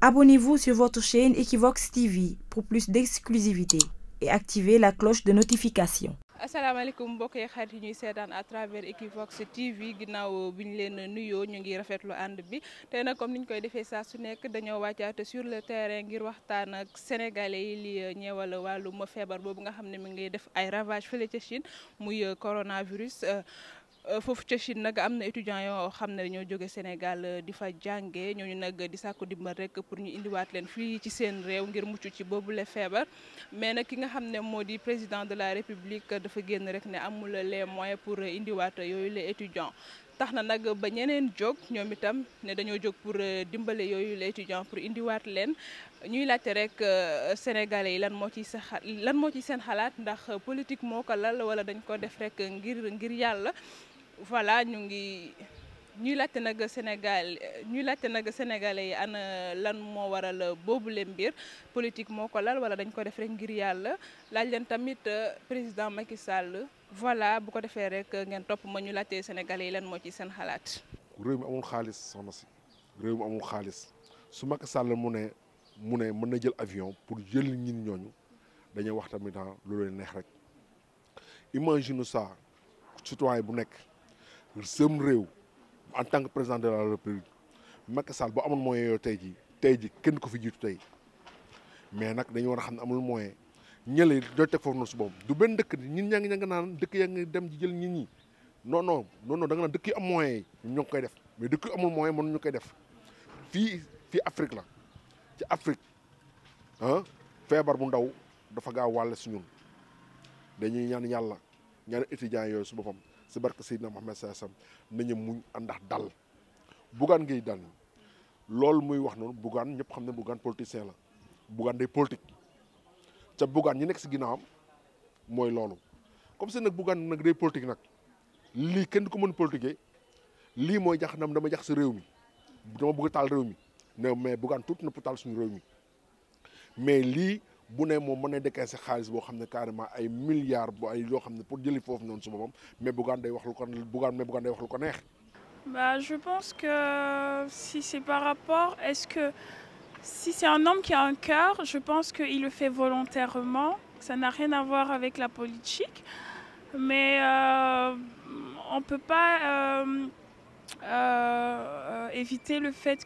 Abonnez-vous sur votre chaîne Equivox TV pour plus d'exclusivité et activez la cloche de notification. asalaamaaleykum mbokk yi xarit yi ñuy seetaan à travers Equivox TV ginnaaw bi ñu leen nuyoo ñu ngi rafetlu ànd bi te na comme ni ñu koy defee saa su nekk dañoo wàccaate sur le terrain ngir waxtaan ak sénégalais yi li euh, ñeewal wàllum feebar boobu nga xam ne mi ngi def ay ravage fële ca Chine muy euh, coronavirus. Euh, Euh, foofu ca nag am na étudiants yoo xam ne dañoo jóge Sénégal euh, di fa jànge ñooñu nag di sàkku dimbal rek pour ñu indiwaat leen fii ci seen réew ngir mucc ci boobule feebar mais nag ki nga xam ne moo di président de la république dafa génn rek ne amul les moyen pour indiwaat yooyu les étudiants tax na nag ba ñeneen jóg ñoom itam ne dañoo jóg pour euh, dimbale yooyu les étudiants pour indiwaat leen ñuy laajte rek sénégalais yi lan moo ci sa lan moo ci seen xalaat ndax politique moo ko lal wala dañ ko def rek ngir ngir yàlla voilà ñu ngi ñuy laajte nag Sénégal ñuy laajte nag sénégalais yi ana lan moo waral boobu leen mbir politique moo ko lal wala dañ ko def rek ngir yàlla laaj leen tamit euh, président Macky Sall voilà bu ko defee rek ngeen topp ma ñu laajte sénégalais yi lan moo ci seen xalaat. réew mi amul xaalis soxna réew mi amul xaalis su Macky Sall mu ne mun mën na jël avion pour jël ñin ñooñu dañuy wax tamit ah loolu neex rek imagine ça citoyen bu nekk. sëm réew en tant que président de la république Macky Sall bu amoon moyen yooyu tey ji tey ji kenn ko fi jiitu tey mais nag dañu war a xam ne amul moyen ñële doo teg foofu noonu su boobu du benn dëkk ni ñun ñaa ngi ña nga naan dëkk yaa ngi dem ji jël nit ñi non non non non da dëkk yi am moyen ñoo ngi koy def mais dëkk yu amul moyen ñu koy def fii fii Afrique la ci Afrique ah feebar bu ndaw dafa gaaw wàll si ñun dañuy ñaan yàlla ñaan étudiants yooyu su boppam si barke Seydina Muhammad saasam mu muñ àndax dal Bougane Gueye Dany loolu muy wax noonu Bougane ñëpp xam ne Bougane politicien la Bougane day politique ca Bougane ñi nekk si ginnaawam mooy loolu comme si nag Bougane nag day politique nag lii kenn du ko mën politiquer lii mooy jax nam dama jax si réew mi dama bëgg taal réew mi ne mais Bougane tuuti na pour taal suñu réew mi mais lii bu ne moom mën na décaissé xaalis boo xam ne carrément ay milliards bu xam ne pour jëli foofu noonu su boppam mais Bougane day wax lu ko Bougane mais Bougane day wax lu ko neex. je pense que si c'est par rapport, que si c'est un homme qui a un cœur, je pense qu'il le fait volontairement. Ça n'a rien à voir avec la politique. Mais euh, on ne peut pas euh, euh, éviter le fait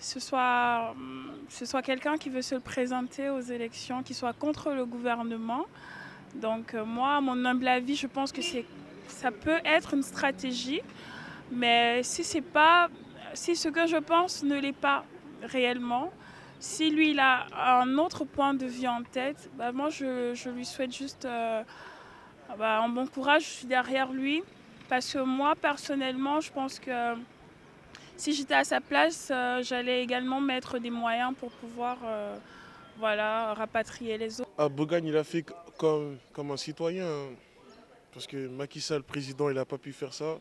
ce soit, mm, ce soit quelqu'un qui veut se présenter aux élections, qui soit contre le gouvernement. Donc euh, moi, à mon humble avis, je pense que ça peut être une stratégie, mais si c'est pas, si ce que je pense ne l'est pas réellement, si lui il a un autre point de vue en tête, bah moi je, je, lui souhaite juste euh, bah, un bon courage. Je suis derrière lui parce que moi personnellement, je pense que si j'étais à sa place, euh, j'allais également mettre des moyens pour pouvoir euh, rapatrier les autres. À ah, il a fait comme, un citoyen. Parce que Macky Sall, président, il n'a pas pu faire ça.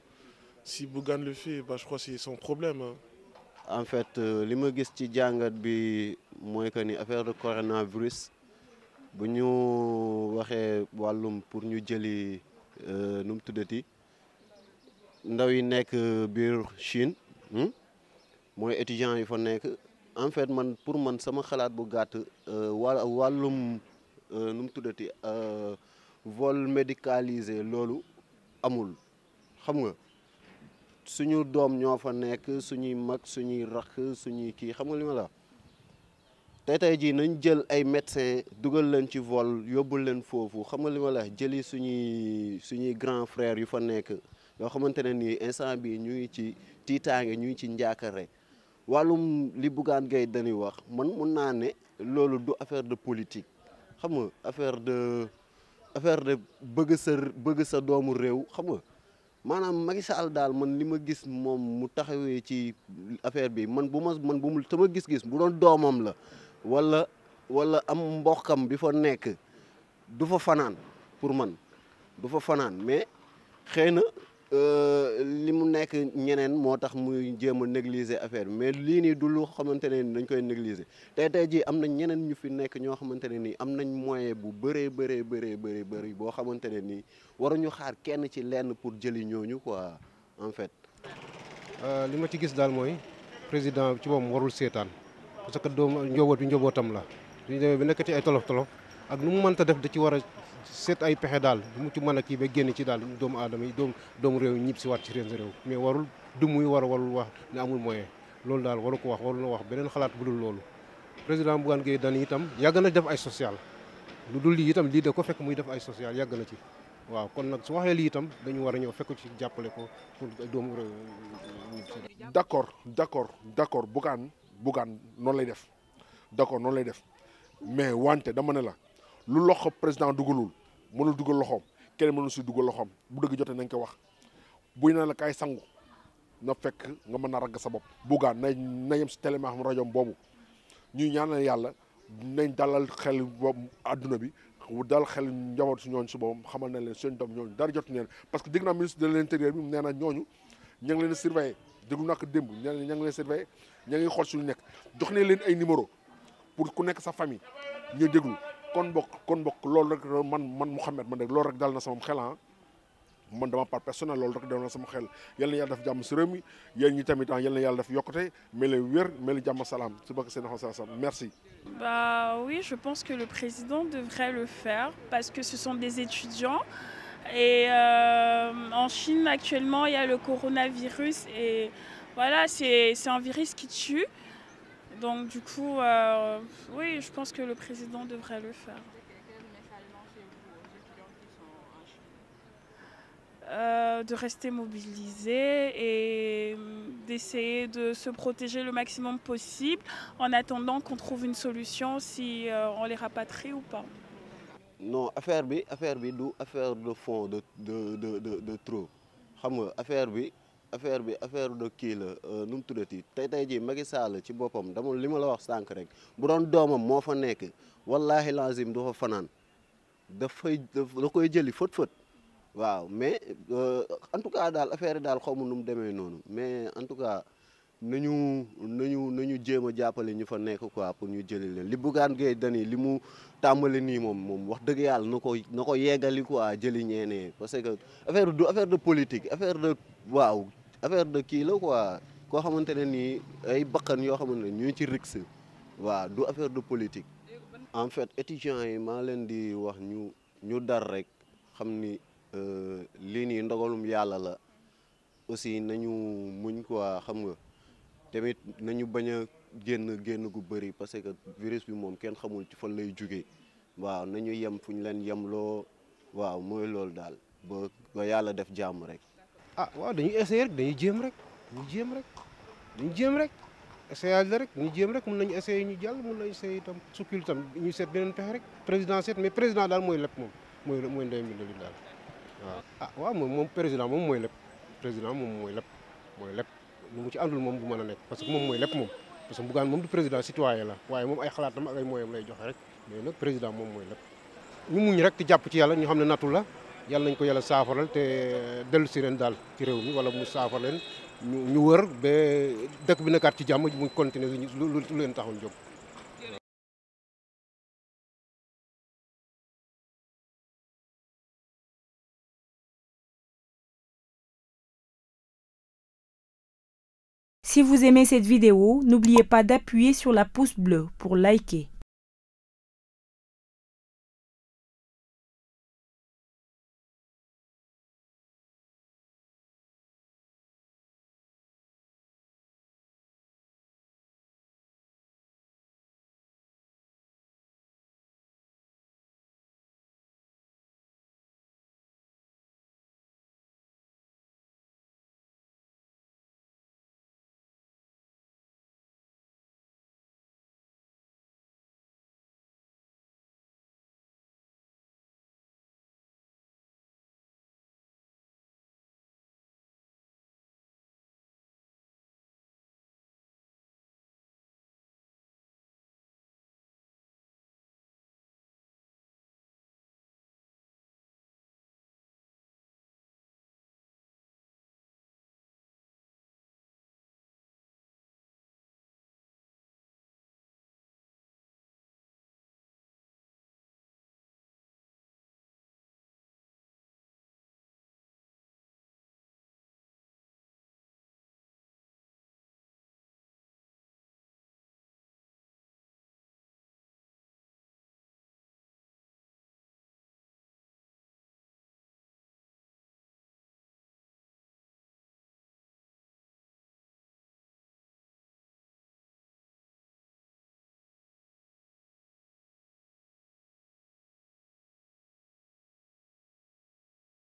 Si Bougane le fait, c'est son problème. En fait, euh, li ma gis ci jàngat bi mooy que ni affaire de coronavirus bu ñu waxee wàllum pour ñu jëli nu mu tuddati ndaw yi nekk biir Chine. Hmm? mooy étudiants yi fa nekk en fait man pour man sama xalaat bu gàtt euh, wàll wàllum euh, nu mu tuddati euh, vol médicalisé loolu amul xam nga suñu doom ñoo fa nekk suñuy mag suñuy rakk suñuy kii xam nga li ma la tey tey jii nañ jël ay médecins dugal leen ci vol yóbbul leen foofu xam nga li ma la jëli suñuy suñuy grands frères yu fa nekk yoo xamante ne nii instant bi ñu ngi ci tiitaange ñu ngi ci njaakare wàllum li Bougane gay dañuy wax man mun naa ne loolu du affaire de politique xam nga affaire de affaire de bëgg sa doomu réew xam nga maanaam Macky Sall daal man li ma gis moom mu taxawee ci affaire bi man bu ma man bu mu sama gis-gis bu doon doomam la walla wala am mbokkam bi fa nekk du fa fanaan pour man du fa fanaan mais xëy Euh, li mu nekk ñeneen moo tax muy jéem a négliger affaire bi mais lii nii du lu xamante ne ni koy négliger tey tey jii am na ñeneen ñu fi nekk ñoo xamante ne nii am nañ moyen bu bëree bëree bëree bëri bëri boo xamante ne nii waruñu xaar kenn ci lenn pour jëli ñooñu quoi en fait. Euh, li ma ci gis daal mooy président ci moom warul seetaan parce que doomu njóoboot bi njobootam la. suñu demee bi nekk ay tolof tolof ak nu mu mënta def da ci war a seet ay pexe daal lu mu ci mën a kii ba génn ci daal doomu aadama yi doomu doomu réew ñib si waat ci seen réew mais warul du muy war a warul wax ne amul moyen loolu daal waru ko wax waru na wax beneen xalaat bu dul loolu président Bougane Gueye Dany itam yàgg na def ay social lu dul lii itam lii da ko fekk muy def ay social yàgg na ci waaw kon nag su waxee lii itam dañu war a ñëw fekk ci jàppale ko pour doomu réew d' accord d' accord d' accord Bougane Bougane noonu lay def d' accord noonu lay def mais wante dama ne la lu loxo président dugalul mënul dugal loxoom kenn mënul si dugal loxoom bu dëgg jotee nañ ko wax bu buy na la kaay sangu na fekk nga mën a ragg sa bopp. Bougane nañ na yem si télé ma xam rajo boobu ñuy ñaanal yàlla nañ dalal xel adduna bi dal xel njaboot si ñooñu si boppam xamal na leen seen doom ñooñu dara jotu neen parce que dégg naa ministre de l'intérieur bi nee na ñooñu ña ngi leen surveiller déglu naa ko démb ña ngi leen surveiller ña ngi xool si ñu nekk jox ne leen ay numéro pour ku nekk sa famille ñu déglu. kon bokk kon bokk loolu rek man man man rek loolu rek dal na sama xel ah man dama par personnel loolu rek dal na sama xel yal na yàlla def jàmm si réew mi yéen ñi tamit ah yal yàlla def yokkute mel ni wér mel ni jàmm salaam su bëgg seen merci. oui je pense que le président devrait le faire parce que ce sont des étudiants et euh, en Chine actuellement il y a le coronavirus et voilà c'est un virus qui tue. Donc du euh, je pense que le président devrait le faire. Euh, de rester mobilisé et d'essayer de se protéger le maximum possible en attendant qu'on trouve une solution si euh, on les rapatrie ou pas. non affaire bi affaire bi du affaire de fond de de de de trop xam nga affaire bi. affaire bi affaire de kii la euh, nu mu tuddati tey tey jii Macky Sall ci boppam dama li ma la wax sànq rek bu doon doomam moo fa nekk wallaahi lazim du fa fanaan dafay da koy jëli fët waaw mais euh, en tout cas daal affaire daal xaw ma nu mu demee noonu mais en tout cas nañu nañu nañu jéem a jàppale ñu fa nekk quoi pour ñu jëli leen li Bougane gee Dany li mu tàmbali nii moom moom wax dëgg yàlla na ko na ko yeggali quoi jëli ñeenee parce que affaire du affaire de politique affaire de waaw affaire de kii la ko koo xamante ne nii ay bakkan yoo xamante ne ñu ci risque waa du affaire de politique. en fait étudiants yi maa leen di wax ñu ñu dar rek xam ni euh, lii nii ndogalum yàlla la aussi nañu muñ quoi xam nga tamit nañu bañ a génn génn gu bëri parce que virus bi moom kenn xamul ci fan lay jugee waaw nañu yem fu ñu leen yem loo waaw mooy loolu daal ba yàlla def jàmm rek. ah waaw dañuy essayer rek dañuy jéem rek dañuy jéem rek dañuy jéem rek essayage la rek ñu jéem rek mun nañu essayer ñu jàll mun nañu essayer itam sukkul itam ñu seet beneen pexe rek président seet mais président daal mooy lépp moom mooy mooy ndey mi bi daal waaw ah waaw moom moom président moom mooy lépp président moom mooy moom du a parce que moom mooy lépp moom parce que Bougane moom du président citoyen la waaye moom ay xalaatam ak ay moyam lay joxe rek mais nag président moom mooy lépp ñu muñ rek di jàpp ci yàlla ñu xam ne nattu la yàlla nañ ko yàlla saafaral te dellu si daal ci réew mi wala mu saafara leen ñu ñu wër ba dëkk bi nekkaat ci jàmm mu continuer lu lu leen taxoon jóg. Si vous aimez cette vidéo, n'oubliez pas d'appuyer sur la pouce bleue pour liker.